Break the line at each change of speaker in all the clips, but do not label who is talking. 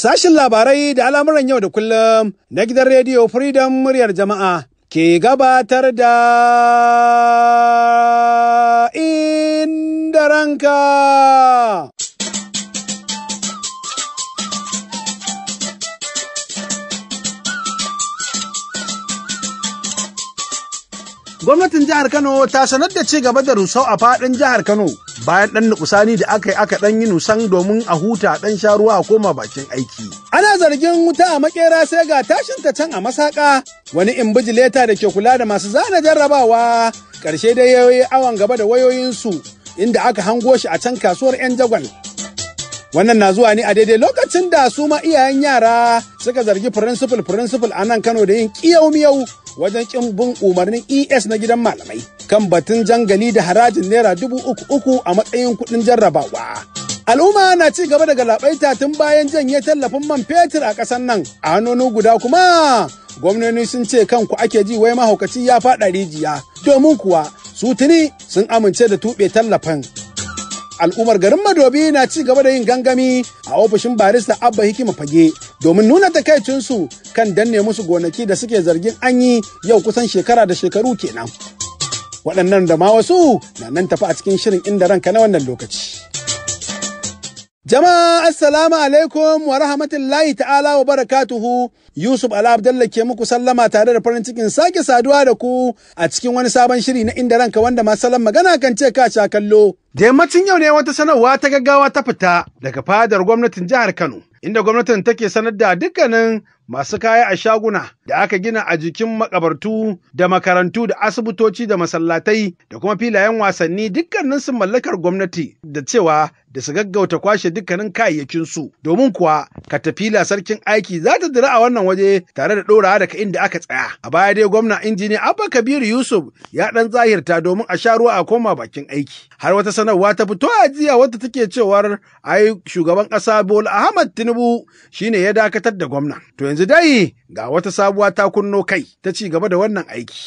Sashin labarai da al'amuran yau da kullum na gidan rediyo Freedom muryar jama'a ke gabatar da inda ranka. Gwamnatin jihar Kano ta sanar da ci gaba da rusau a faɗin jihar Kano. bayan ɗan nukusani da aka yi aka ɗan yi nusan domin a huta ɗan sha ruwa a koma bakin aiki. Ana zargin wuta a makera sai ga tashin ta can a masaka wani imbijileta da ke kula da masu zana jarrabawa ƙarshe dai yayoyi awon gaba da wayoyinsu inda aka hango shi a can kasuwar 'yan jagwal. Wannan na zuwa ne a daidai lokacin da su ma iyayen yara suka zargi firinsifal firinsifal a nan Kano da yin ƙiyau miyau wajen ƙin bin umarnin ES na gidan malamai. kan batun jangali da harajin naira dubu uku uku a matsayin kuɗin jarrabawa. Al'umma na ci gaba da galabaita tun bayan janye tallafin man fetur a ƙasar nan a hannunu guda kuma gwamnoni sun ce kan ku ake ji wai mahaukaci ya faɗa rijiya domin kuwa su tuni sun amince da tuɓe tallafin. al'ummar garin Madobi na ci gaba da yin gangami a ofishin barista Abba Hikima Fage domin nuna takaicinsu kan danne musu gonaki da suke zargin an yi yau kusan shekara da shekaru kenan. waɗannan da ma wasu na nan tafi a cikin shirin inda ranka na wannan lokaci. Jama'a assalamu alaikum wa rahmatullahi ta'ala wa barakatuhu Yusuf Ali Abdalla ke muku sallama tare da farin cikin sake saduwa da ku a cikin wani sabon shiri na inda ranka wanda ma masalan magana kan ce ka sha kallo. Da yammacin yau ne wata sanarwa ta gaggawa ta fita daga fadar gwamnatin jihar Kano inda gwamnatin take sanar da dukkanin masu kaya a shaguna da aka gina a jikin makabartu da makarantu da asibitoci da masallatai da kuma filayen wasanni dukkanin sun mallakar gwamnati da cewa da su gaggauta kwashe dukkanin kayayyakin su, domin kuwa katafila sarkin aiki za ta dira a wannan waje tare da ɗorawa daga inda aka tsaya a baya dai gwamna injini abba kabiru yusuf ya ɗan zahirta domin a sha ruwa a koma bakin aiki har wata sanarwa ta fito a jiya wadda take cewar ai shugaban ƙasa bola ahmad tinubu shine ya dakatar da gwamna to yanzu yanzu dai ga wata sabuwa ta kunno kai ta ci gaba da wannan aiki.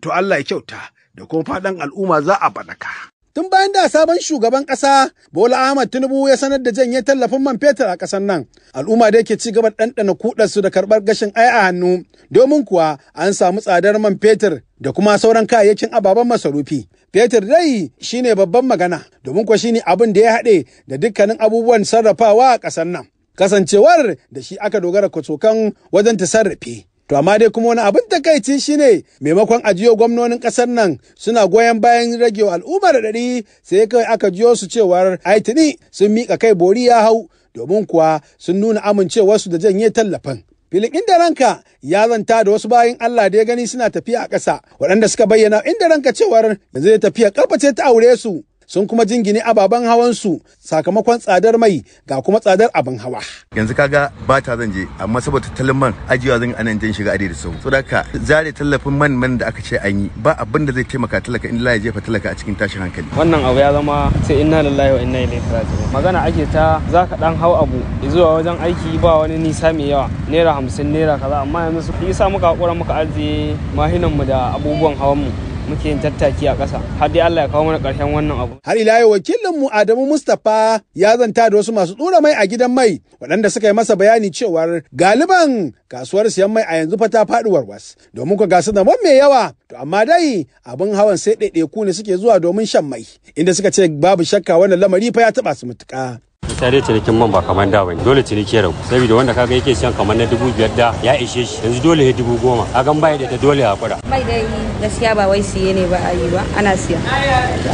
To Allah ya kyauta da kuma faɗan al'umma za a baɗaka. Tun bayan da sabon shugaban ƙasa Bola Ahmad Tinubu ya sanar da janye tallafin man fetur a ƙasar nan, al'umma da yake ci gaba ɗanɗana kuɗarsu da karɓar gashin ai a hannu, domin kuwa an samu tsadar man fetur da kuma sauran kayayyakin ababen masarufi. Fetur dai shine babban magana, domin kuwa shine abin da ya haɗe da dukkanin abubuwan sarrafawa a ƙasar nan. kasancewar da shi aka dogara kacokan wajen ta sarrafe. To amma dai kuma wani abin takaici shine maimakon ajiyo gwamnonin kasar nan suna goyon bayan rage al'ummar ɗari sai kawai aka jiyo su cewar aitini sun miƙa kai bori ya hau domin kuwa sun nuna amincewarsu da janye tallafin. filin inda ranka ya zanta da wasu bayan Allah da ya gani suna tafiya a ƙasa waɗanda suka bayyana inda ranka cewar yanzu ya tafiya karface ta aure su sun kuma jingine ababen su sakamakon tsadar mai ga kuma tsadar abin hawa. Yanzu kaga ba ta zan je amma saboda tattalin man ajiyewa zan anan jan shiga adai da sau. Saboda zare tallafin man man da aka ce an yi ba abin da zai taimaka talaka in ya jefa talaka a cikin tashin hankali. Wannan abu ya zama sai inna lillahi wa inna ilaihi raji'un. Magana ake ta za ka dan hau abu zuwa wajen aiki ba wani nisa mai yawa naira hamsin naira kaza amma yanzu su sa muka hakura muka ajiye mahinan mu da abubuwan hawan mu. muke yin tattaki a ƙasa har dai Allah ya kawo mana ƙarshen wannan abu har ila yau wakilin mu Adamu Mustapha ya zanta da wasu masu tsura mai a gidan mai waɗanda suka yi masa bayani cewar galiban kasuwar siyan mai a yanzu fa ta faɗi warwas domin ku gasu da mai yawa to amma dai abin hawan sai ɗaiɗaiku ne suke zuwa domin shan mai inda suka ce babu shakka wannan lamari fa ya taɓa su mutuƙa ita dai cinikin man ba kamar da bane dole ciniki ya rabu saboda wanda kaga yake siyan kamar na dubu biyar da ya ishe shi yanzu dole ya dubu goma a gan bai da ta dole a kura da yi gaskiya ba wai siye ne ba a yi ba ana siya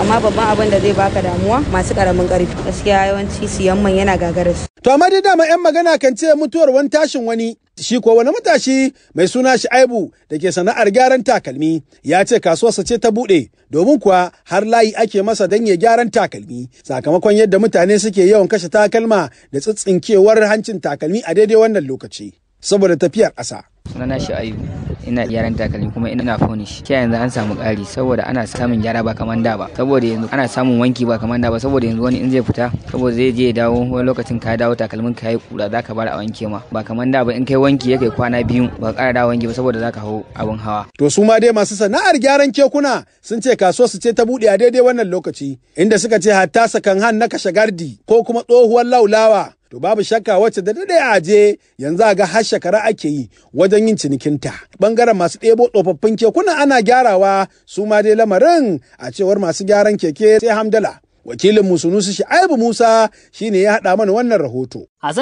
amma babban abin da zai baka damuwa masu karamin karfi gaskiya yawanci siyan man yana gagarar su to amma dai dama yan magana kan ce mutuwar wani tashin wani Shi kuwa wani matashi mai suna Aibu da ke sana'ar gyaran takalmi ya ce kasuwarsa ce ta buɗe domin kuwa har layi ake masa don ya gyaran takalmi sakamakon yadda mutane suke yawan kashe takalma da tsitsinkewar hancin takalmi a daidai wannan lokaci saboda tafiyar ƙasa. Sunana Aibu. ina gyaran takalmi kuma ina furnish ke yanzu an samu ƙari saboda ana samun gyara ba kamar da ba saboda yanzu ana samun wanki ba kamar da ba saboda yanzu wani in zai fita saboda zai je ya dawo wani lokacin ka dawo takalmin ka yi kura zaka bar a wanke ma ba kamar da ba in kai wanki yake kwana biyu ba ƙara da wanki ba saboda zaka hau abin hawa to su ma dai masu sana'ar gyaran kekuna sun ce kasuwar su ce ta buɗe a daidai wannan lokaci inda suka ce hatta sakan han na kashe gardi ko kuma tsohuwar laulawa to babu shakka wacce da daɗe a je yanzu a ga har shekara ake yi wajen yin cinikinta bangaren masu ɗebo tsofaffin kekuna ana gyarawa su ma dai lamarin a cewar masu gyaran keke sai hamdala wakilin musunusu sha'ibu musa shine ya haɗa mana wannan rahoto a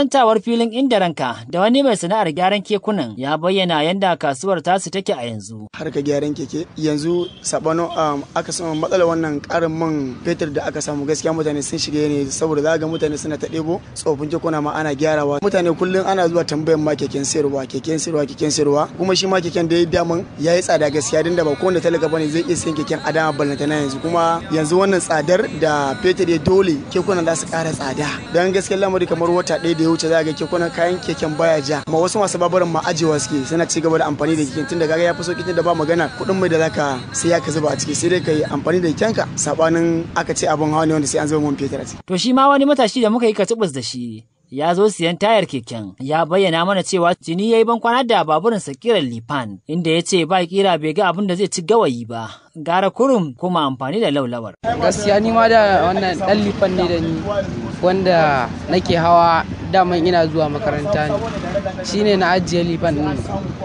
filin inda ranka da wani mai sana'ar gyaran kekunan ya bayyana yadda kasuwar tasu take a yanzu harka gyaran keke yanzu sabano um, aka samu matsalar wannan karin man fetur da aka samu gaskiya mutane sun shiga ne saboda za ga mutane suna ta ɗebo tsofin kekuna ma ana gyarawa mutane kullum ana zuwa tambayan ma keken sayarwa keken sayarwa keken sayarwa kuma shi ma keken da ya daman ya yi tsada gaskiya dinda da ba kowanne talaka bane zai iya sayan keken a dama ballantana yanzu kuma yanzu wannan tsadar da fetur ya dole kekunan za su ƙara tsada don gaskiyar lamari kamar wata ɗaya da ya wuce za ga kekunan kayan keken baya ja ma wasu masu babarin ma ajewa suke suna ci gaba da amfani da keken tunda gaga ya fi sauƙi da ba magana kuɗin mai da zaka sai ya ka zuba a ciki sai dai ka yi amfani da ka. sabanin aka ce abin hawa ne wanda sai an zuba mun fetur a ciki. to shi ma wani matashi da muka yi katubus da shi ya zo siyan tayar keken ya bayyana mana cewa jini ya yi bankwana da baburinsa kiran lifan inda ya ce ba kira bai ga abin da zai ci gawayi ba gara kurum kuma amfani da laulawar gaskiya ni ma da wannan dan lifan ne da ni wanda nake hawa daman ina zuwa makaranta ne shine na ajiye lifan din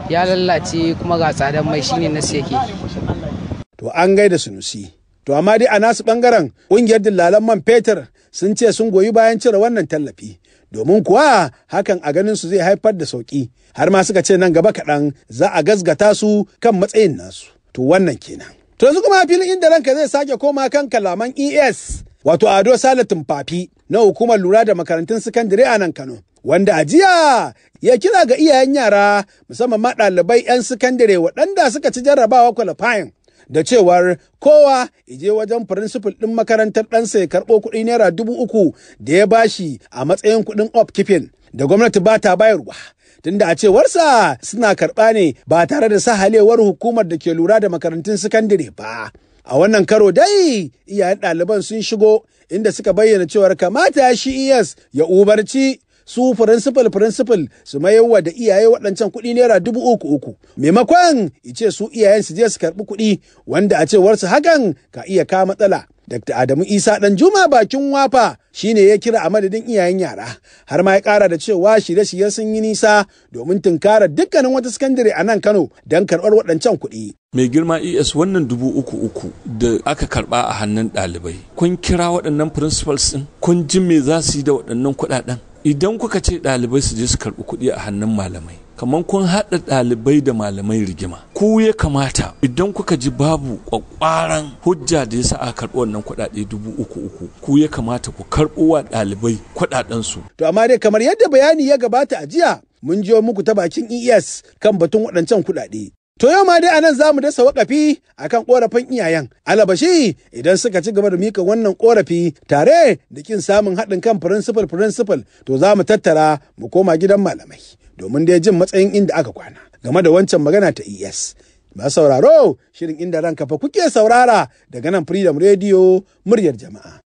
ya lallace kuma ga tsadan mai shine na seke to an gaida sunusi to amma dai a nasu bangaren ƙungiyar dillalan man fetur sun ce sun goyi bayan cire wannan tallafi domin kuwa hakan a ganin su zai haifar da sauƙi har ma suka ce nan gaba kaɗan za a gazgata su kan matsayin nasu to wannan kenan to yanzu kuma filin inda ranka zai sake koma kan kalaman es wato ado sale tumfafi na hukumar lura da makarantun sakandare a nan kano wanda a jiya ya kira ga iyayen yara musamman ma ɗalibai 'yan sakandare waɗanda suka ci jarrabawa kwalifayin da cewar kowa ije wajen firinsifal ɗin makarantar ɗansa ya karɓo kuɗi naira dubu uku da ya bashi a matsayin kuɗin upkeeping da gwamnati ba ta bayarwa. tunda a cewarsa suna karɓa ne ba tare da sahalewar hukumar da ke lura da makarantun sakandire ba. A wannan karo dai iyayen ɗaliban sun shigo inda suka bayyana cewar kamata shi e ya ubarci su firinsifal firinsifal su mayarwa da iyaye waɗancan kuɗi naira dubu uku uku maimakon ice su iyayen su je su karɓi kuɗi wanda a cewar su hakan ka iya ka matsala Dr. Adamu Isa ɗan Juma bakin wafa shine ya kira a madadin iyayen yara har ma ya kara da cewa shirye-shirye sun yi nisa domin tunkarar dukkanin wata sakandare a nan Kano don karɓar waɗancan kuɗi. Mai girma ES wannan dubu uku uku da aka karɓa a hannun ɗalibai. Kun kira waɗannan principals ɗin? Kun ji me za su yi da waɗannan kuɗaɗen? idan kuka ce ɗalibai su je su karɓi kuɗi a hannun malamai kamar kun haɗa ɗalibai da malamai rigima ku ya kamata idan kuka ji babu ƙwaƙwaran hujja da yasa a karɓi wannan kuɗaɗe dubu uku uku ku ya kamata ku karɓo wa ɗalibai kuɗaɗensu. to amma dai kamar yadda bayani ya gabata a jiya mun jiyo muku ta bakin ES kan batun waɗancan kuɗaɗe To yau ma dai anan za mu dasa wakafi kan korafin iyayen. Alabashi idan suka ci gaba da mika wannan korafi tare da kin samun haɗin kan firinsifal firinsifal to za mu tattara mu koma gidan malamai domin dai jin matsayin inda aka kwana game da wancan magana ta ES. Ba sauraro shirin inda ranka fa kuke saurara daga nan Freedom Radio muryar jama'a.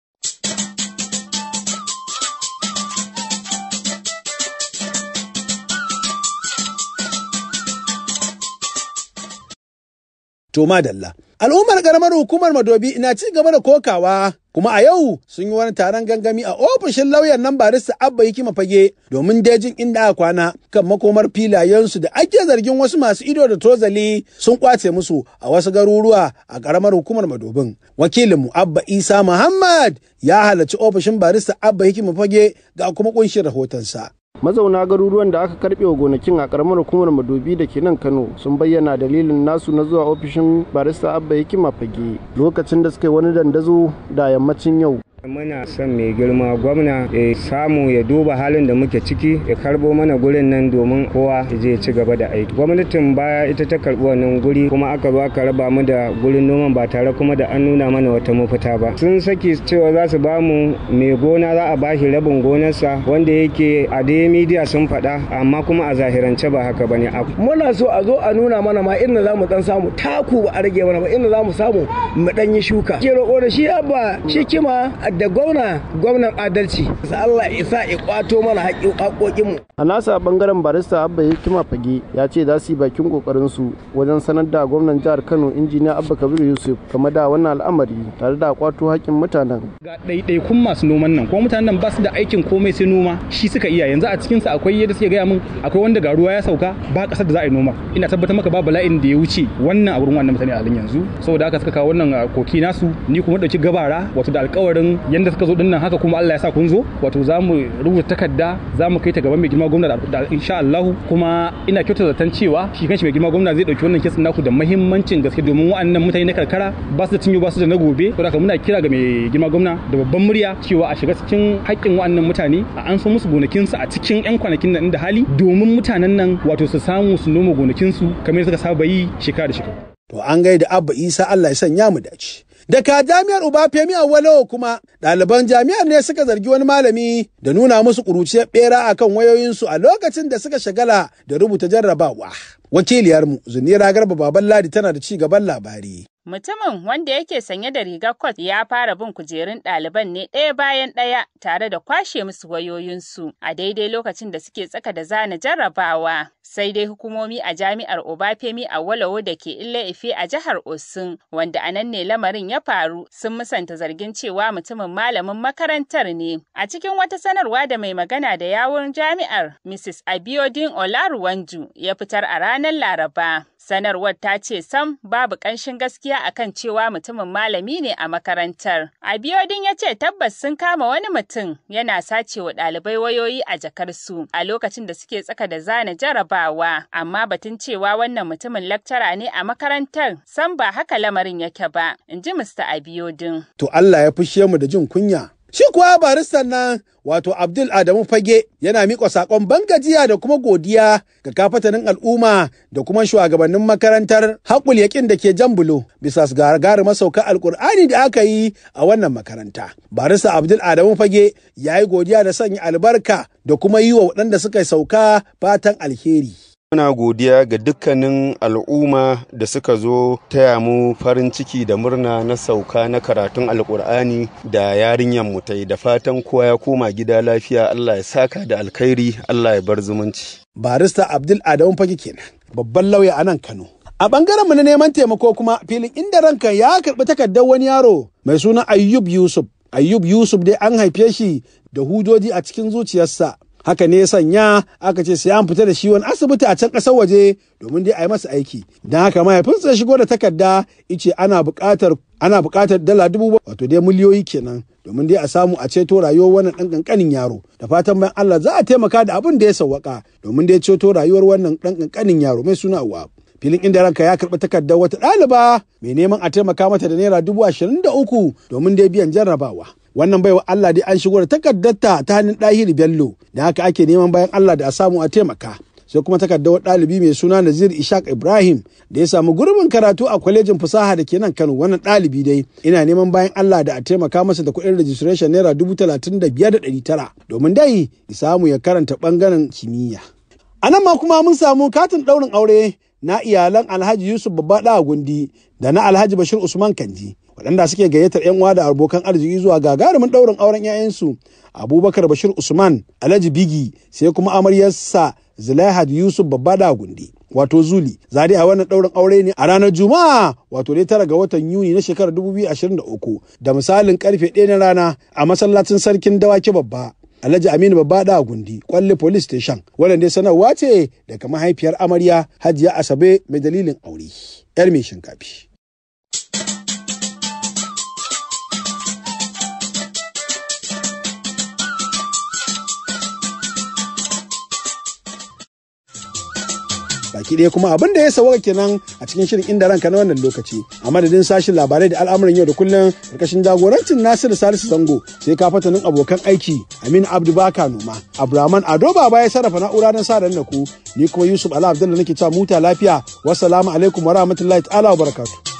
To madalla. Al'ummar ƙaramar hukumar Madobi ina ci gaba da kokawa kuma a yau sun yi wani taron gangami a ofishin lauyan nan barista Abba Hikima Fage domin dejin inda aka kwana kan makomar filayensu da ake zargin wasu masu ido da tozali sun kwace musu a wasu garuruwa a ƙaramar hukumar Madobin. Wakilinmu Abba Isa Muhammad ya halarci ofishin barista Abba Hikima Fage ga kuma ƙunshin rahotonsa. mazauna garuruwan da aka karbe wa gonakin a karamar hukumar madobi da ke nan kano sun bayyana dalilin nasu na zuwa ofishin barista abba hikima fage lokacin da suka yi wani dandazo da yammacin yau Muna son mai girma gwamna ya samu ya duba halin da muke ciki ya karbo mana gurin nan domin kowa zai ci gaba da aiki. Gwamnatin baya ita ta karbi wannan guri kuma aka zo aka raba mu da gurin noman ba tare kuma da an nuna mana wata mafita ba. Sun saki cewa za su ba mu mai gona za a bashi rabin gonarsa wanda yake a dai media sun faɗa amma kuma a zahirance ba haka bane. Muna so a zo a nuna mana ma inda za mu dan samu taku ba a rage mana ba inda za mu samu mu dan yi shuka. Ke roƙo da shi abba shi kima da gwamna gwamnan adalci sa Allah isa ya kwato mana haƙoƙin mu a nasa bangaren barista Abba Hikima Fage ya ce za su yi bakin kokarin su wajen sanar da gwamnan jihar Kano injiniya Abba Kabiru Yusuf game da wannan al'amari tare da kwato haƙƙin mutanen ga ɗaiɗaikun masu noman nan ko mutanen nan ba su da aikin komai sai noma shi suka iya yanzu a cikin su akwai yadda suke gaya min akwai wanda ga ruwa ya sauka ba ƙasar da za a yi noma ina tabbatar maka babu bala'in da ya wuce wannan a gurin wannan mutane a halin yanzu saboda haka suka kawo wannan ah, koki nasu ni kuma ɗauki gabara wato da alƙawarin yadda suka zo dinnan haka kuma Allah ya sa kun zo wato za mu rubuta takarda za mu kai ta gaban mai girma gwamna da insha Allah kuma ina kyautata zaton cewa shi kanshi mai girma gwamna zai dauki wannan kesin naku da muhimmancin gaske domin wa'annan mutane na karkara ba su da tunyo ba su da na gobe saboda muna kira ga mai girma gwamna da babban murya cewa a shiga cikin haƙƙin wa'annan mutane a an so musu su a cikin 'yan kwanakin nan da hali domin mutanen nan wato su samu su noma su kamar suka saba yi shekara da shekara. To an gaida Abba Isa Allah ya sanya mu dace. Daga jami'ar Uba Femi Awolowo kuma ɗaliban jami'ar ne suka zargi wani malami da nuna musu ƙuruciyar ɓera a kan wayoyinsu a lokacin da suka shagala da rubuta jarrabawa. Wakiliyarmu Zunira Garba Baballadi tana da ci gaban labari. Mutumin, wanda yake sanye da rigar kot ya fara bin kujerun ɗaliban ne ɗaya bayan ɗaya tare da kwashe musu wayoyinsu a daidai lokacin da suke tsaka da zana jarrabawa. Sai dai hukumomi a jami'ar Obafemi Awolowo da ke Ile-Ife a jihar Osun, wanda a nan ne lamarin ya faru, sun musanta zargin cewa mutumin malamin makarantar ne. A cikin wata sanarwa da mai magana da yawun jami'ar, Mrs. Abiodun Olaruwanju ya fitar a ranar Laraba. Sanarwar ta ce sam babu ƙanshin gaskiya akan cewa mutumin malami ne a makarantar. Abiodun ya ce tabbas sun kama wani mutum yana sace wa ɗalibai wayoyi a jakarsu a lokacin da suke tsaka da zana jarabawa, amma batun cewa wannan mutumin lakcara ne a makarantar sam ba haka lamarin yake ba, in ji Mr. Abiodun. To Allah ya fushe mu da jin kunya. Shi kuwa baristan nan wato Abdul Adamu Fage yana miƙa saƙon ban gajiya da kuma godiya ga kafatanin al'umma da kuma shugabannin makarantar haƙul yaƙin da ke jan bulo bisa gagaru masauka alƙur'ani da aka yi a wannan makaranta. Barista Abdul Adamu Fage ya yi godiya da sanya albarka da kuma yi wa waɗanda suka sauka fatan alheri. Muna godiya ga dukkanin al'umma da suka zo taya mu farin ciki da murna na sauka na karatun alkur'ani da yarinyar mu ta yi da fatan kowa ya koma gida lafiya Allah ya saka da alkhairi Allah ya bar zumunci. Barista Abdul Adamu Fage kenan babban lauya a nan Kano. A bangaren mu na neman taimako kuma filin inda ranka ya karɓi takardar wani yaro mai suna Ayyub Yusuf. Ayyub Yusuf dai an haife shi da hudoji a cikin zuciyarsa. haka ne sanya aka ce sai an fita da shi wani asibiti a can ƙasar waje domin dai a yi masa aiki don haka mahaifinsa ya shigo da takarda ice ana buƙatar ana buƙatar dala dubu wato dai miliyoyi kenan domin dai a samu a ceto rayuwar wannan ɗan ƙanƙanin yaro da fatan bayan Allah za a taimaka da abin da ya sawwaka domin dai ceto rayuwar wannan ɗan ƙanƙanin yaro mai suna uwa filin inda ranka ya karɓi takardar wata ɗaliba mai neman a taimaka mata da naira dubu ashirin da uku domin dai biyan jarrabawa wannan baiwa Allah dai an shigo da takaddarta ta hannun ɗahir bello da haka ake neman bayan Allah da a samu a taimaka sai kuma takardar ɗalibi mai suna Nazir Ishaq Ibrahim da ya samu gurbin karatu a kwalejin fasaha da ke nan Kano wannan ɗalibi dai ina neman bayan Allah da a taimaka masa da kuɗin registration naira dubu talatin da biyar da ɗari tara domin dai ya samu ya karanta ɓangaren kimiyya. A nan ma kuma mun samu katin ɗaurin aure na iyalan Alhaji Yusuf Babba Gundi da na Alhaji Bashir Usman Kanji waɗanda suke gayyatar 'yan uwa da abokan arziki zuwa gagarumin ɗaurin auren 'ya'yansu abubakar bashir usman alhaji bigi sai kuma amaryarsa zulaihad yusuf babba da gundi wato zuli zari a wannan ɗaurin aure ne a ranar juma'a wato dai tara ga watan yuni na shekarar 2023 da misalin karfe ɗaya na rana a masallacin sarkin dawaki babba Alhaji Aminu Babba da Gundi, kwalli Police Station, wadanda sanarwa ce daga mahaifiyar amarya Hajiya Asabe mai dalilin aure, 'yar mai shinkafi. baki ɗaya kuma abin da ya sawaka kenan a cikin shirin inda ranka na wannan lokaci a madadin sashin labarai da al'amuran yau da kullum karkashin jagorancin nasiru salisu zango sai ka fatanin abokan aiki aminu abdu ka noma abdulrahman ado baba ya sarrafa na'ura don sa na ku ni kuma yusuf ala abdullahi nake cewa muta lafiya wassalamu alaikum wa rahmatullahi ta'ala wa barakatuh